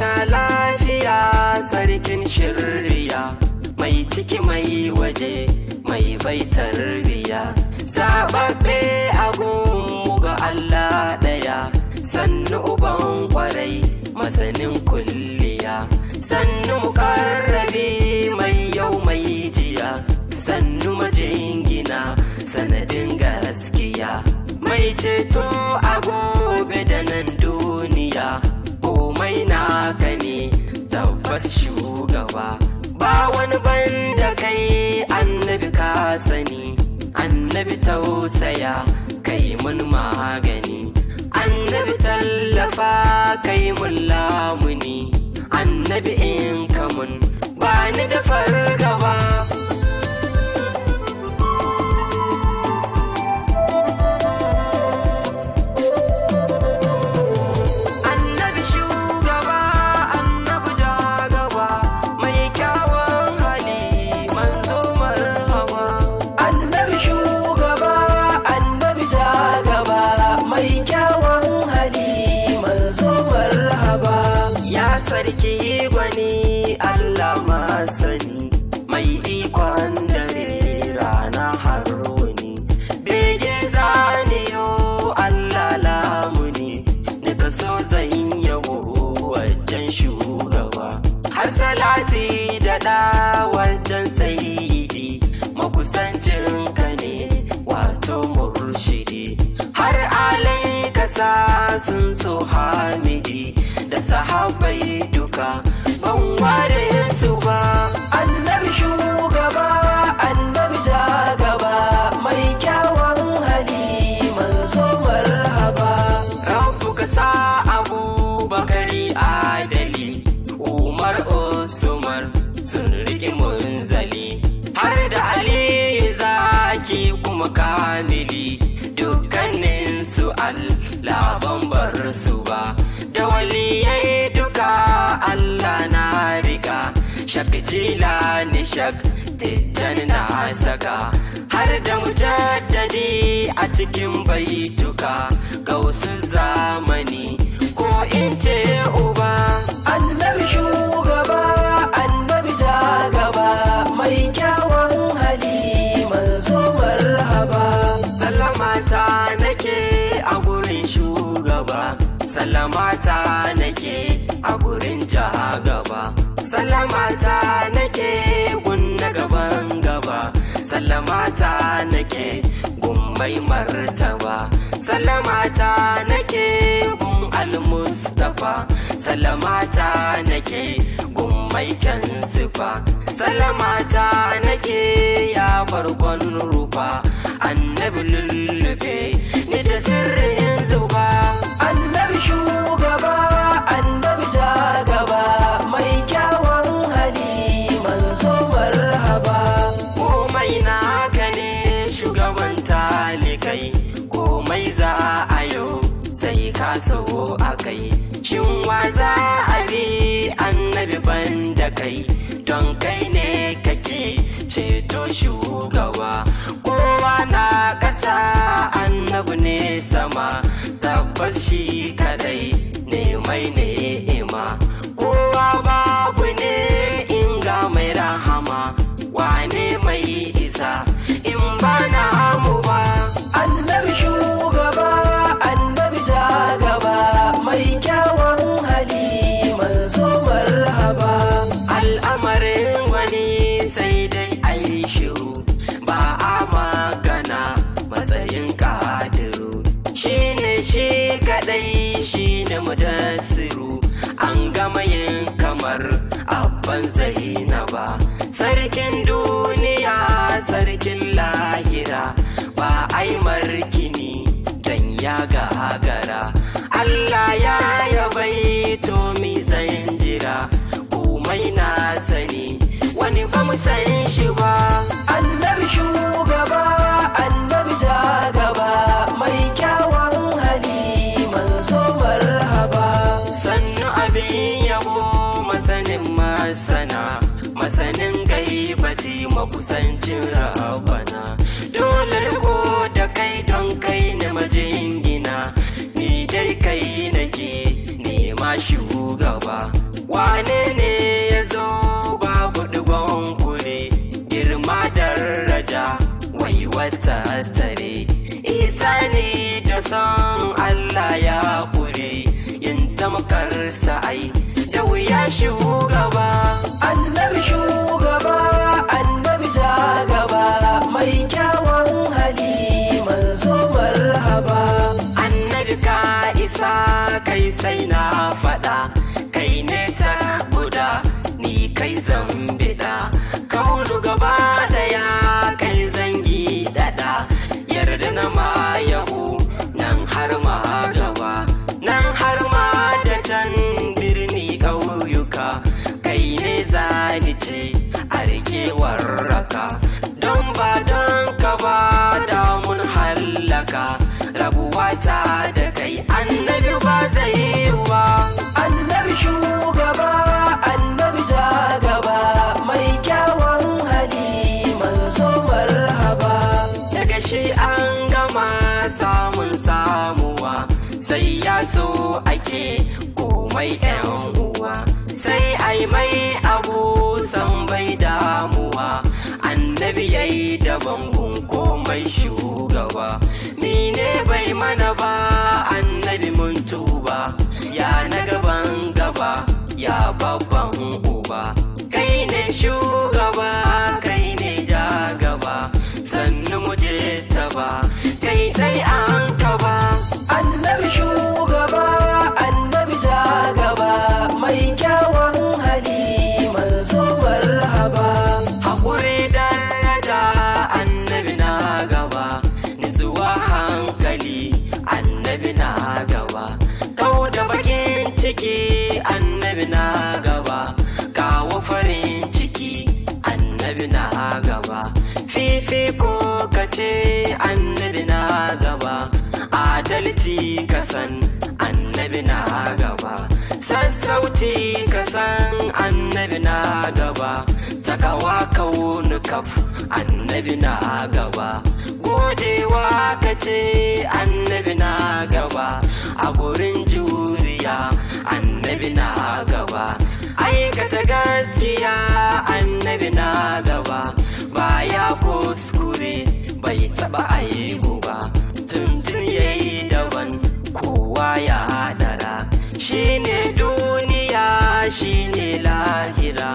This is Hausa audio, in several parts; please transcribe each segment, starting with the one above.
ta lafiya sarkin shirriya mai ciki mai waje mai baitar riya zaɓaɓɓe agun ga Allah ɗaya sannu uban kwarai masanin kulliya sannu karrabi mai yau mai jiya sannu majingina sanadin gaskiya mai ceto agun san da kai annabi ka sani annabi tausaya kai mun magani annabi tallafa kai mun lamuni annabi in kamun ba ni da fargaba wajen shugaba har salati da ɗa wajen sayidi makusancin ka ne wato murshidi har alai kasa sun so ta fitila nishak tijjani na saka har da mujaddadi a cikin baituka ga wasu zamani ko in ce uba annabi shugaba annabi jagaba mai kyawun hali manzo marhaba salamata nake a gurin shugaba salamata nake a gurin gumbai gummai martaba salamata nake gun almustafa salamata nake gumbai kyan sifa salamata nake ya farkon rufa annabi Ta tabbas shi siru an gama yin kamar abban ba sarkin duniya sarkin lahira ba ai markini don ya hagara Allah ya yabai to mi zan jira komai na sani wani ba mu sani Wanene ya zo babu digon kuri girma daraja wai wata tare isa ne da son allah ya ƙure. yin tamkar sa'ai da wuya shugaba annabi shugaba annabi ja gaba mai kyawan hali manzo haba. annabi ka isa kai sai na ka rabuwa ta da kai annabi ba zai yi wa annabi shugaba annabi jagaba mai kyawun hali manzo marhaba daga shi an gama samun samuwa sai ya so ake komai yan uwa sai ai mai abu san bai damuwa annabi yayi daban komai shugaba mana ba annabi mun tuba ya na gaban gaba ya babu ciki annabi na gaba kawo farin ciki annabi na gaba fifiko ko kace annabi na gaba adalci kasan annabi na gaba sassauci kasan annabi na gaba takawa kaf annabi na gaba godewa kace annabi na gaba a gurin juriya gaba aikata gaskiya annabi na gaba Ba ya kuskure bai taba aibu ba tuntun ya yi daban kowa ya hadara Shi ne duniya shi ne lahira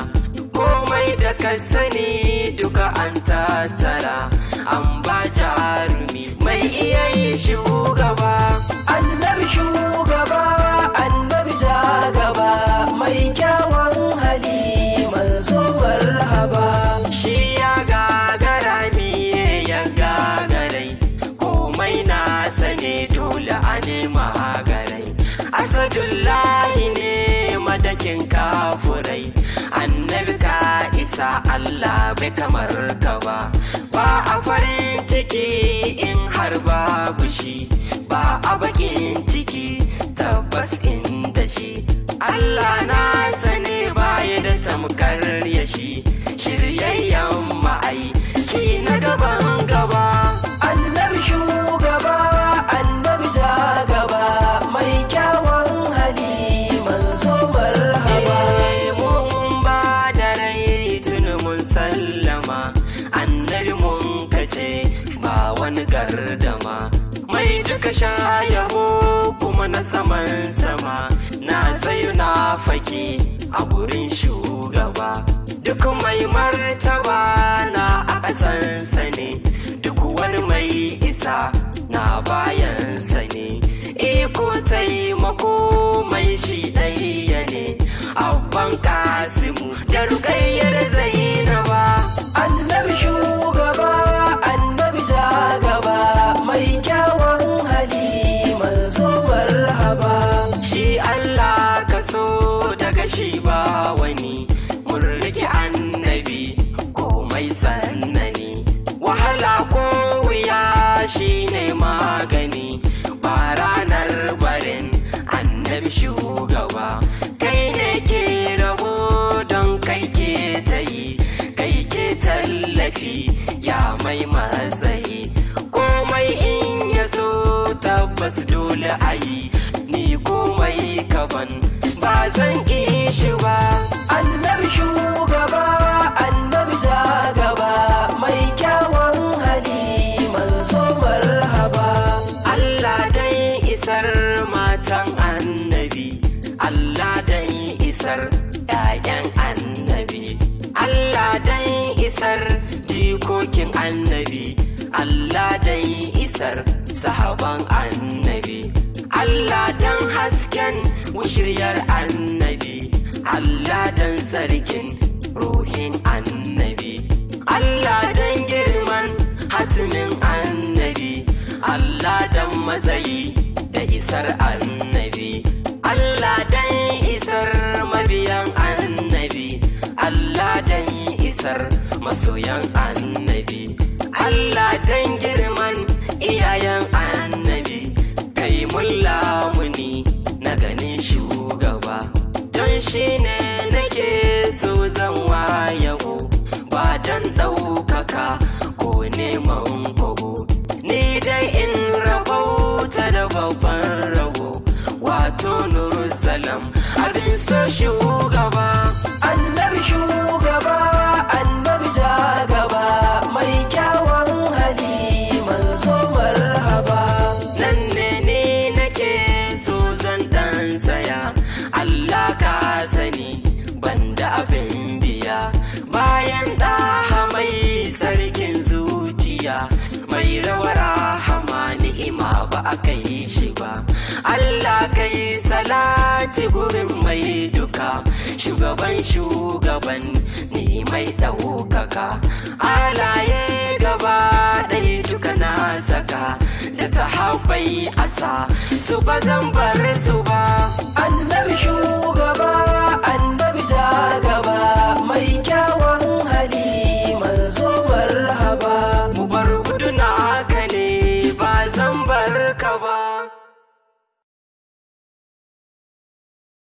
komai da ka sani duka an tattara an ba jarumi mai iya yi shi gaba wani kamar ka ba ba a farin ciki in har babu shi ba a bakin ciki tabbas in da Allah na sani baya da tamkar sararin sama na tsayu na faki a gurin shugaba duk mai martaba na a san ne duk wani mai isa na bayansa ne iko eh, taimako mai shi ɗaya ne abban ƙasa da ayi ni komai kaban ba zan ƙi shi ba annabi shugaba annabi jagaba mai kyawun hali manzo marhaba Allah dai isar matan annabi Allah dai isar ƴaƴan annabi Allah dai isar jikokin annabi Allah dai isar sahaban annabi nan mushiryar annabi Allah dan tsarkin ruhin annabi Allah dan girman hatimin annabi Allah dan matsayi da isar annabi Allah dan isar mabiyan annabi Allah dan isar masoyan annabi Allah dan shugaba annabi shugaba annabi jagaba mai kyawun hali manzo marhaba nan ne nake so zan dan saya Allah ka sani banda abin biya bayan da mai sarkin zuciya mai rawar hama ni'ima ba a kai shi ba Allah kai salati gurin mai shugaban shugaban ni mai ɗaukaka alaye gaba ɗaya duka na saka da sahabai asa su ba zan bar su ba